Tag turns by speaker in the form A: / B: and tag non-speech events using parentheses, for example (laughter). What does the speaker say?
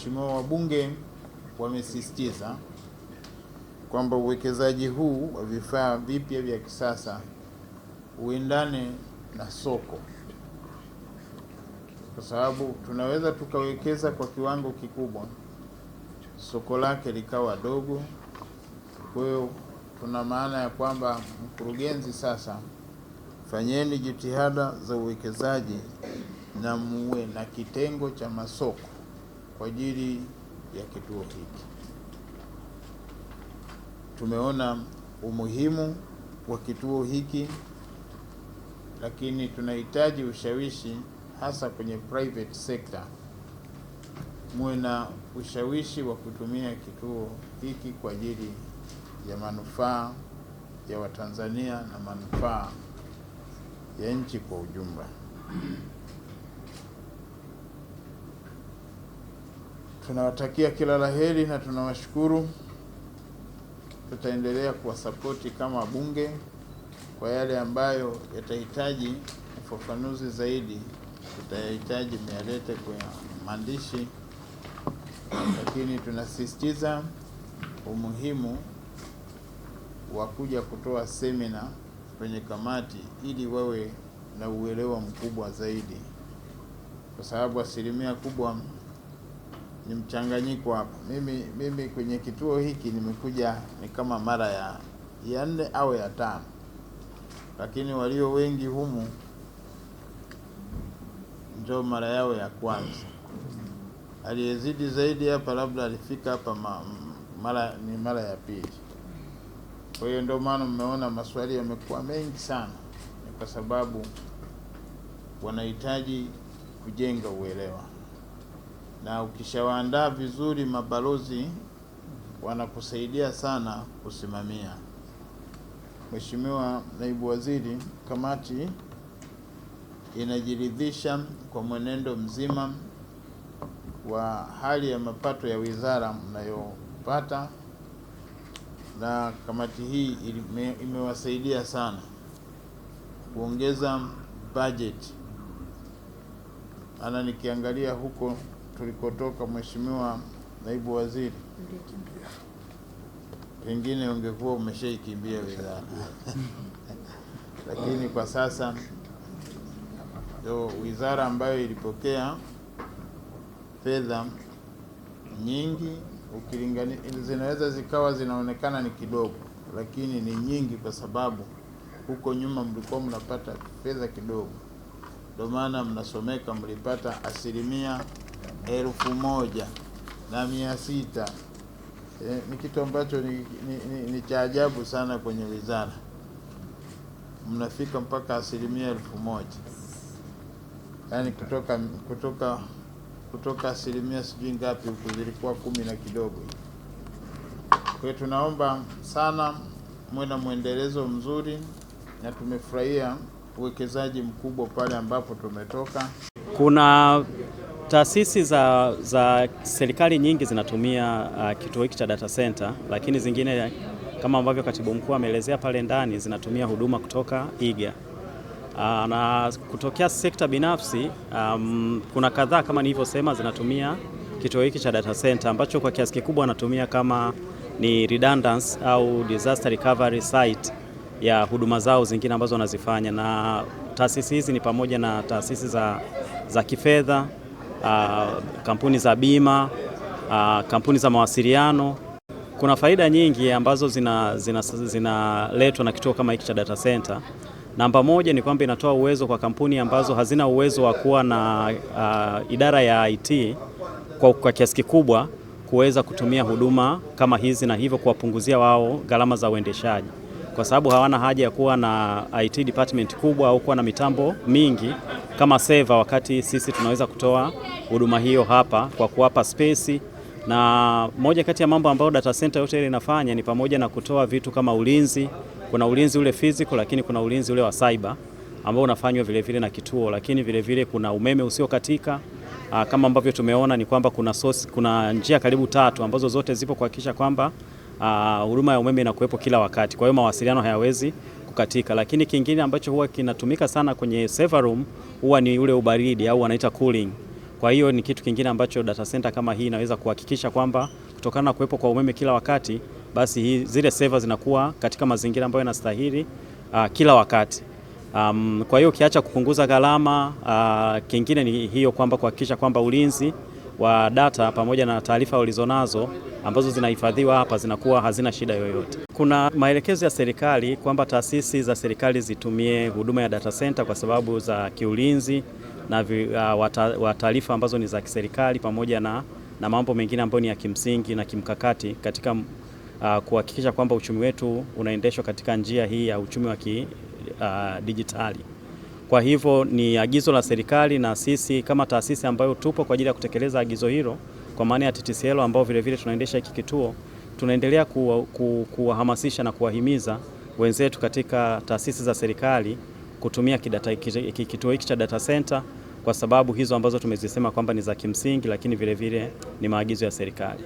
A: Waheshimiwa wabunge wamesisitiza kwamba uwekezaji huu wa vifaa vipya vya kisasa uendane na soko, kwa sababu tunaweza tukawekeza kwa kiwango kikubwa, soko lake likawa dogo. Kwa hiyo tuna maana ya kwamba mkurugenzi, sasa fanyeni jitihada za uwekezaji na muwe na kitengo cha masoko kwa ajili ya kituo hiki. Tumeona umuhimu wa kituo hiki, lakini tunahitaji ushawishi hasa kwenye private sector, muwe na ushawishi wa kutumia kituo hiki kwa ajili ya manufaa ya Watanzania na manufaa ya nchi kwa ujumla. tunawatakia kila la heri na tunawashukuru. Tutaendelea kuwasapoti kama bunge kwa yale ambayo yatahitaji ufafanuzi zaidi, tutayahitaji myalete kwa maandishi, lakini tunasisitiza umuhimu wa kuja kutoa semina kwenye kamati ili wawe na uelewa mkubwa zaidi, kwa sababu asilimia kubwa ni mchanganyiko hapa. Mimi mimi kwenye kituo hiki nimekuja ni kama mara ya ya nne au ya tano, lakini walio wengi humu ndio mara yao ya kwanza. Aliyezidi zaidi hapa labda alifika hapa ma, mara ni mara ya pili. Kwa hiyo ndio maana mmeona maswali yamekuwa mengi sana, ni kwa sababu wanahitaji kujenga uelewa na ukishawaandaa vizuri mabalozi wanakusaidia sana kusimamia. Mheshimiwa Naibu Waziri, kamati inajiridhisha kwa mwenendo mzima wa hali ya mapato ya wizara mnayopata, na kamati hii imewasaidia sana kuongeza bajeti. Ana nikiangalia huko tulikotoka, Mheshimiwa Naibu Waziri, pengine ungekuwa umeshaikimbia wizara (laughs) lakini kwa sasa ndio wizara ambayo ilipokea fedha nyingi ukilingani, zinaweza zikawa zinaonekana ni kidogo, lakini ni nyingi kwa sababu huko nyuma mlikuwa mnapata fedha kidogo, ndio maana mnasomeka mlipata asilimia elfu moja na mia sita e, ni kitu ambacho ni, ni, ni, ni cha ajabu sana kwenye wizara, mnafika mpaka asilimia elfu moja yaani kutoka kutoka kutoka asilimia sijui ngapi huku zilikuwa kumi na kidogo. Kwa tunaomba sana mwe na mwendelezo mzuri, na tumefurahia uwekezaji mkubwa pale ambapo tumetoka
B: kuna Taasisi za, za serikali nyingi zinatumia uh, kituo hiki cha data center, lakini zingine kama ambavyo katibu mkuu ameelezea pale ndani zinatumia huduma kutoka IGA. Uh, na kutokea sekta binafsi um, kuna kadhaa kama nilivyosema zinatumia kituo hiki cha data center ambacho kwa kiasi kikubwa anatumia kama ni redundancy au disaster recovery site ya huduma zao zingine ambazo wanazifanya, na taasisi hizi ni pamoja na taasisi za, za kifedha uh, kampuni za bima uh, kampuni za mawasiliano. Kuna faida nyingi ambazo zinaletwa zina, zina na kituo kama hiki cha data center. Namba moja ni kwamba inatoa uwezo kwa kampuni ambazo hazina uwezo wa kuwa na uh, idara ya IT kwa, kwa kiasi kikubwa kuweza kutumia huduma kama hizi na hivyo kuwapunguzia wao gharama za uendeshaji kwa sababu hawana haja ya kuwa na IT department kubwa au kuwa na mitambo mingi kama seva, wakati sisi tunaweza kutoa huduma hiyo hapa kwa kuwapa space. Na moja kati ya mambo ambayo data center yote ile inafanya ni pamoja na kutoa vitu kama ulinzi. Kuna ulinzi ule physical, lakini kuna ulinzi ule wa cyber ambao unafanywa vile vile na kituo, lakini vile vile kuna umeme usiokatika. Ah, kama ambavyo tumeona ni kwamba kuna source, kuna njia karibu tatu ambazo zote zipo kuhakikisha kwamba Ah, huduma uh, ya umeme inakuwepo kila wakati, kwa hiyo mawasiliano hayawezi kukatika. Lakini kingine ambacho huwa kinatumika sana kwenye server room huwa ni ule ubaridi au wanaita cooling. Kwa hiyo ni kitu kingine ambacho data center kama hii inaweza kuhakikisha kwamba kutokana na kuwepo kwa umeme kila wakati, basi hii, zile server zinakuwa katika mazingira ambayo yanastahili uh, kila wakati. Um, kwa hiyo ukiacha kupunguza gharama uh, kingine ni hiyo kwamba kuhakikisha kwamba ulinzi wa data pamoja na taarifa ulizonazo ambazo zinahifadhiwa hapa zinakuwa hazina shida yoyote. Kuna maelekezo ya serikali kwamba taasisi za serikali zitumie huduma ya data center kwa sababu za kiulinzi na uh, wa taarifa ambazo ni za kiserikali pamoja na, na mambo mengine ambayo ni ya kimsingi na kimkakati katika uh, kuhakikisha kwamba uchumi wetu unaendeshwa katika njia hii ya uchumi wa kidijitali. Uh, kwa hivyo ni agizo la serikali na sisi kama taasisi ambayo tupo kwa ajili ya kutekeleza agizo hilo kwa maana ya TTCL ambao vilevile tunaendesha hiki kituo, tunaendelea kuwahamasisha na kuwahimiza wenzetu katika taasisi za serikali kutumia kidata, kituo hiki cha data center kwa sababu hizo ambazo tumezisema kwamba ni za kimsingi, lakini vilevile ni maagizo ya serikali.